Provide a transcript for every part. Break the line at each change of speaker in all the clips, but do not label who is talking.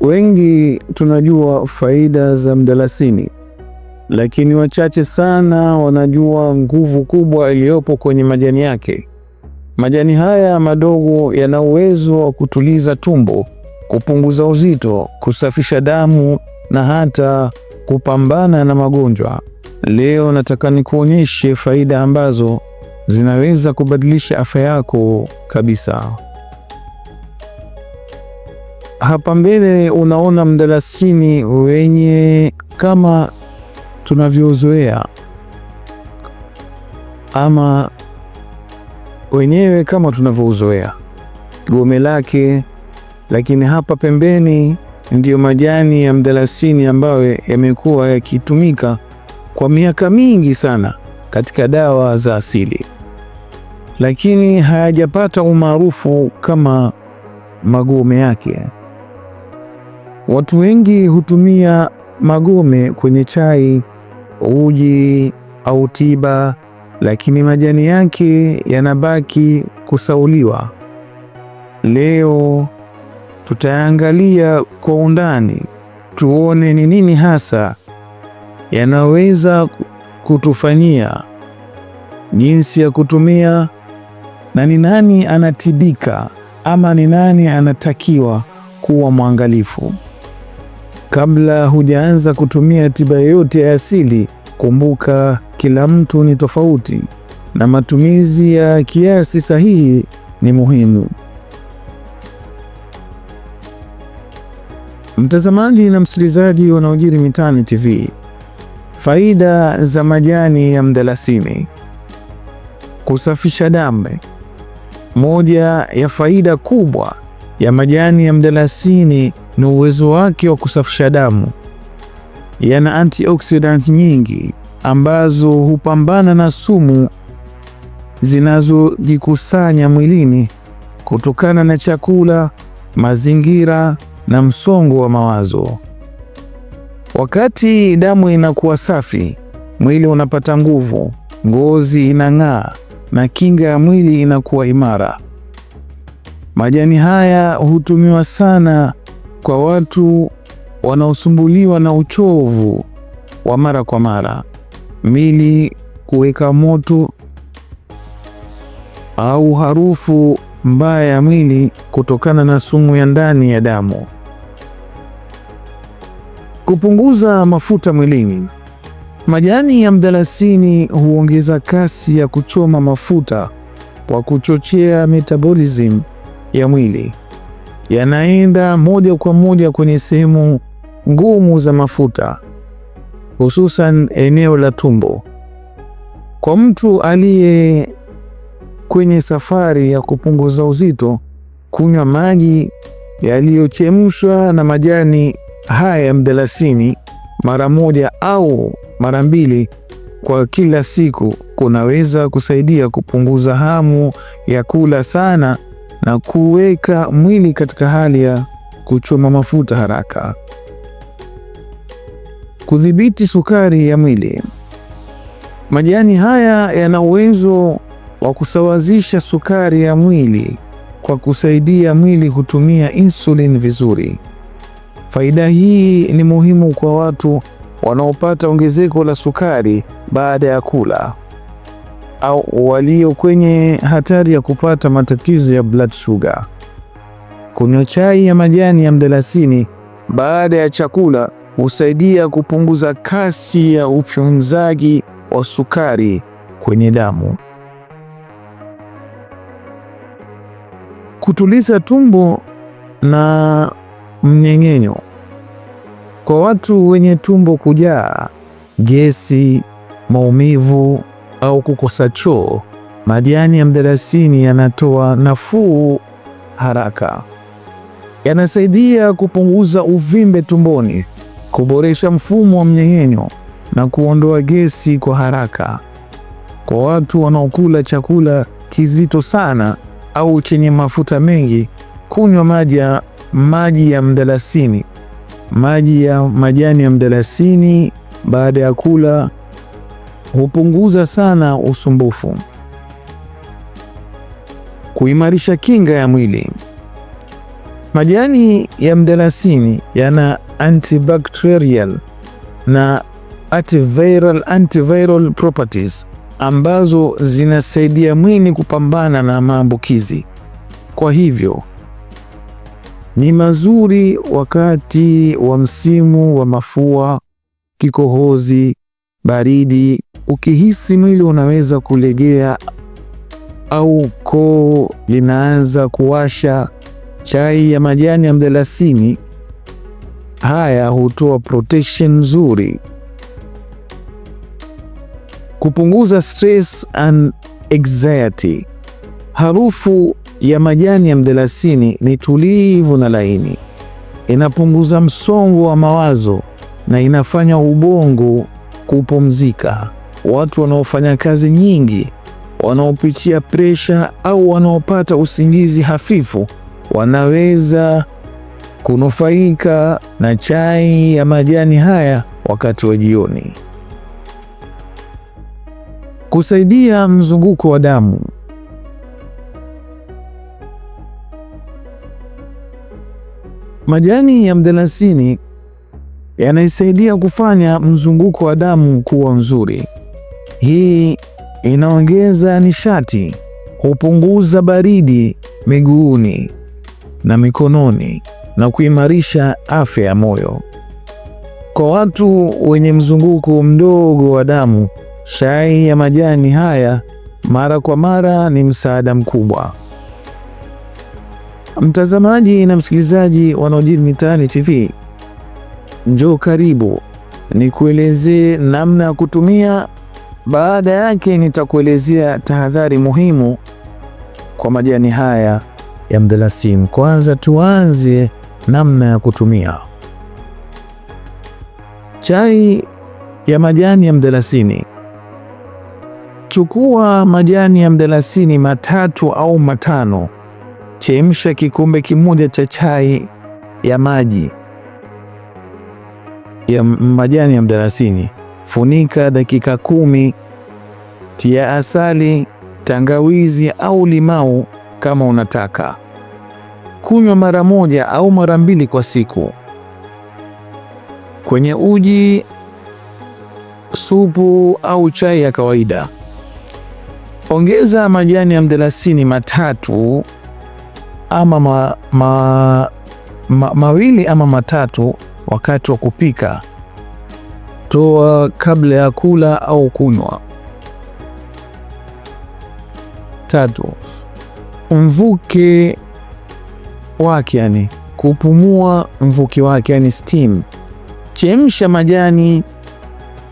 Wengi tunajua faida za mdalasini, lakini wachache sana wanajua nguvu kubwa iliyopo kwenye majani yake. Majani haya madogo yana uwezo wa kutuliza tumbo, kupunguza uzito, kusafisha damu na hata kupambana na magonjwa. Leo nataka nikuonyeshe faida ambazo zinaweza kubadilisha afya yako kabisa. Hapa mbele unaona mdalasini wenye kama tunavyozoea ama wenyewe kama tunavyouzoea gome lake, lakini hapa pembeni ndiyo majani ya mdalasini ambayo yamekuwa yakitumika kwa miaka mingi sana katika dawa za asili, lakini hayajapata umaarufu kama magome yake. Watu wengi hutumia magome kwenye chai, uji au tiba, lakini majani yake yanabaki kusauliwa. Leo tutaangalia kwa undani, tuone ni nini hasa yanaweza kutufanyia, jinsi ya kutumia, na ni nani anatibika ama ni nani anatakiwa kuwa mwangalifu. Kabla hujaanza kutumia tiba yoyote ya asili, kumbuka kila mtu ni tofauti na matumizi ya kiasi sahihi ni muhimu. Mtazamaji na msikilizaji yanayojiri mitaani TV, faida za majani ya mdalasini kusafisha damu. Moja ya faida kubwa ya majani ya mdalasini na uwezo wake wa kusafisha damu. Yana antioxidant nyingi ambazo hupambana na sumu zinazojikusanya mwilini kutokana na chakula, mazingira na msongo wa mawazo. Wakati damu inakuwa safi, mwili unapata nguvu, ngozi inang'aa na kinga ya mwili inakuwa imara. Majani haya hutumiwa sana kwa watu wanaosumbuliwa na uchovu wa mara kwa mara, mili kuweka moto au harufu mbaya ya mwili kutokana na sumu ya ndani ya damu. Kupunguza mafuta mwilini. Majani ya mdalasini huongeza kasi ya kuchoma mafuta kwa kuchochea metabolism ya mwili yanaenda moja kwa moja kwenye sehemu ngumu za mafuta, hususan eneo la tumbo. Kwa mtu aliye kwenye safari ya kupunguza uzito, kunywa maji yaliyochemshwa na majani haya ya mdalasini mara moja au mara mbili kwa kila siku kunaweza kusaidia kupunguza hamu ya kula sana na kuweka mwili katika hali ya kuchoma mafuta haraka. Kudhibiti sukari ya mwili. Majani haya yana uwezo wa kusawazisha sukari ya mwili kwa kusaidia mwili kutumia insulin vizuri. Faida hii ni muhimu kwa watu wanaopata ongezeko la sukari baada ya kula au walio kwenye hatari ya kupata matatizo ya blood sugar. Kunywa chai ya majani ya mdalasini baada ya chakula husaidia kupunguza kasi ya ufyonzaji wa sukari kwenye damu. Kutuliza tumbo na mnyengenyo Kwa watu wenye tumbo kujaa, gesi, maumivu au kukosa choo, majani ya mdalasini yanatoa nafuu haraka. Yanasaidia kupunguza uvimbe tumboni, kuboresha mfumo wa mmeng'enyo na kuondoa gesi kwa haraka. Kwa watu wanaokula chakula kizito sana au chenye mafuta mengi, kunywa maji ya maji ya mdalasini maji ya majani ya mdalasini baada ya kula hupunguza sana usumbufu. Kuimarisha kinga ya mwili. Majani ya mdalasini yana antibacterial na antiviral, antiviral properties ambazo zinasaidia mwili kupambana na maambukizi. Kwa hivyo ni mazuri wakati wa msimu wa mafua, kikohozi, baridi Ukihisi mwili unaweza kulegea au koo linaanza kuwasha, chai ya majani ya mdalasini haya hutoa protection nzuri kupunguza stress and anxiety. Harufu ya majani ya mdalasini ni tulivu na laini, inapunguza msongo wa mawazo na inafanya ubongo kupumzika watu wanaofanya kazi nyingi, wanaopitia presha au wanaopata usingizi hafifu wanaweza kunufaika na chai ya majani haya wakati wa jioni. Kusaidia mzunguko wa damu. Majani ya mdalasini yanaisaidia kufanya mzunguko wa damu kuwa mzuri. Hii inaongeza nishati, hupunguza baridi miguuni na mikononi na kuimarisha afya ya moyo. Kwa watu wenye mzunguko mdogo wa damu, chai ya majani haya mara kwa mara ni msaada mkubwa. Mtazamaji na msikilizaji yanayojiri mitaani TV, njoo karibu nikuelezee namna ya kutumia baada yake nitakuelezea tahadhari muhimu kwa majani haya ya mdalasini. Kwanza tuanze namna ya kutumia chai ya majani ya mdalasini. Chukua majani ya mdalasini matatu au matano. Chemsha kikombe kimoja cha chai ya maji ya majani ya mdalasini funika dakika kumi. Tia asali, tangawizi au limau kama unataka. Kunywa mara moja au mara mbili kwa siku. Kwenye uji, supu au chai ya kawaida. Ongeza majani ya mdalasini matatu ama ma, ma, ma, mawili ama matatu wakati wa kupika toa kabla ya kula au kunywa. Tatu, mvuke wake, yani kupumua mvuke wake, yani steam. Chemsha majani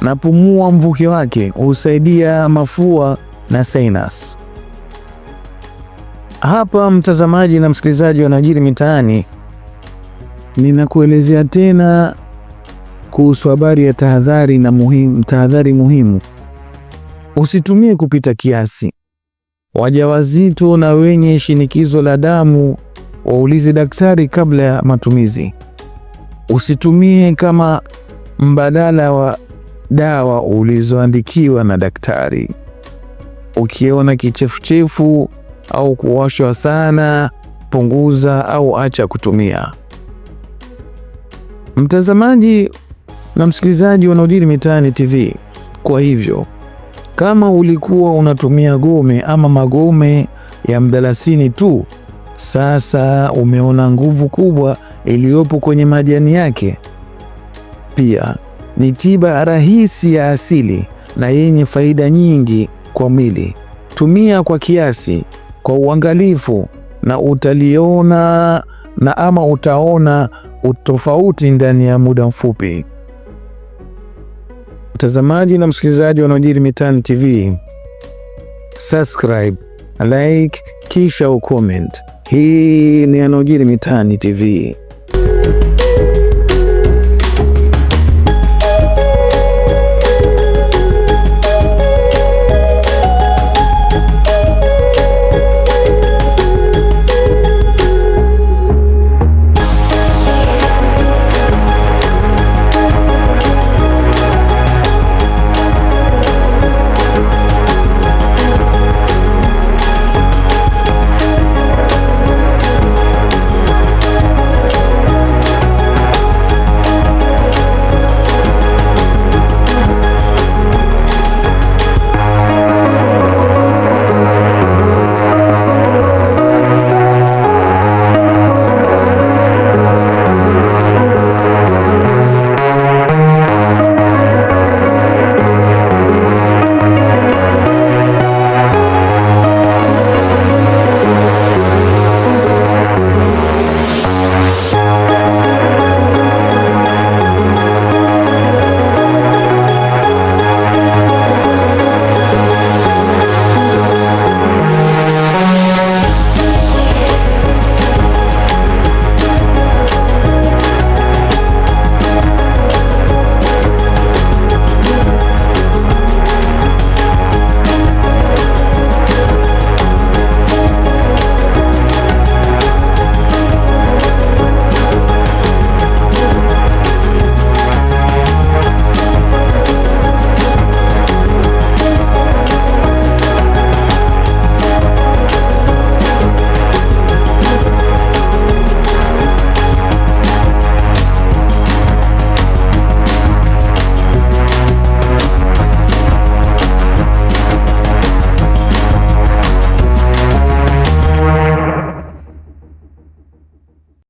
na pumua mvuke wake, husaidia mafua na sinus. Hapa mtazamaji na msikilizaji wa Yanayojiri Mitaani, ninakuelezea tena kuhusu habari ya tahadhari na muhimu, tahadhari muhimu. Usitumie kupita kiasi. Wajawazito na wenye shinikizo la damu waulize daktari kabla ya matumizi. Usitumie kama mbadala wa dawa ulizoandikiwa na daktari. Ukiona kichefuchefu au kuwashwa sana, punguza au acha kutumia. Mtazamaji, na msikilizaji wanaojiri mitaani TV. Kwa hivyo kama ulikuwa unatumia gome ama magome ya mdalasini tu, sasa umeona nguvu kubwa iliyopo kwenye majani yake. Pia ni tiba rahisi ya asili na yenye faida nyingi kwa mwili. Tumia kwa kiasi, kwa uangalifu, na utaliona na ama utaona utofauti ndani ya muda mfupi mtazamaji na msikilizaji wa yanayojiri mitaani TV, subscribe, like, kisha ucomment. Hii ni yanayojiri mitaani TV.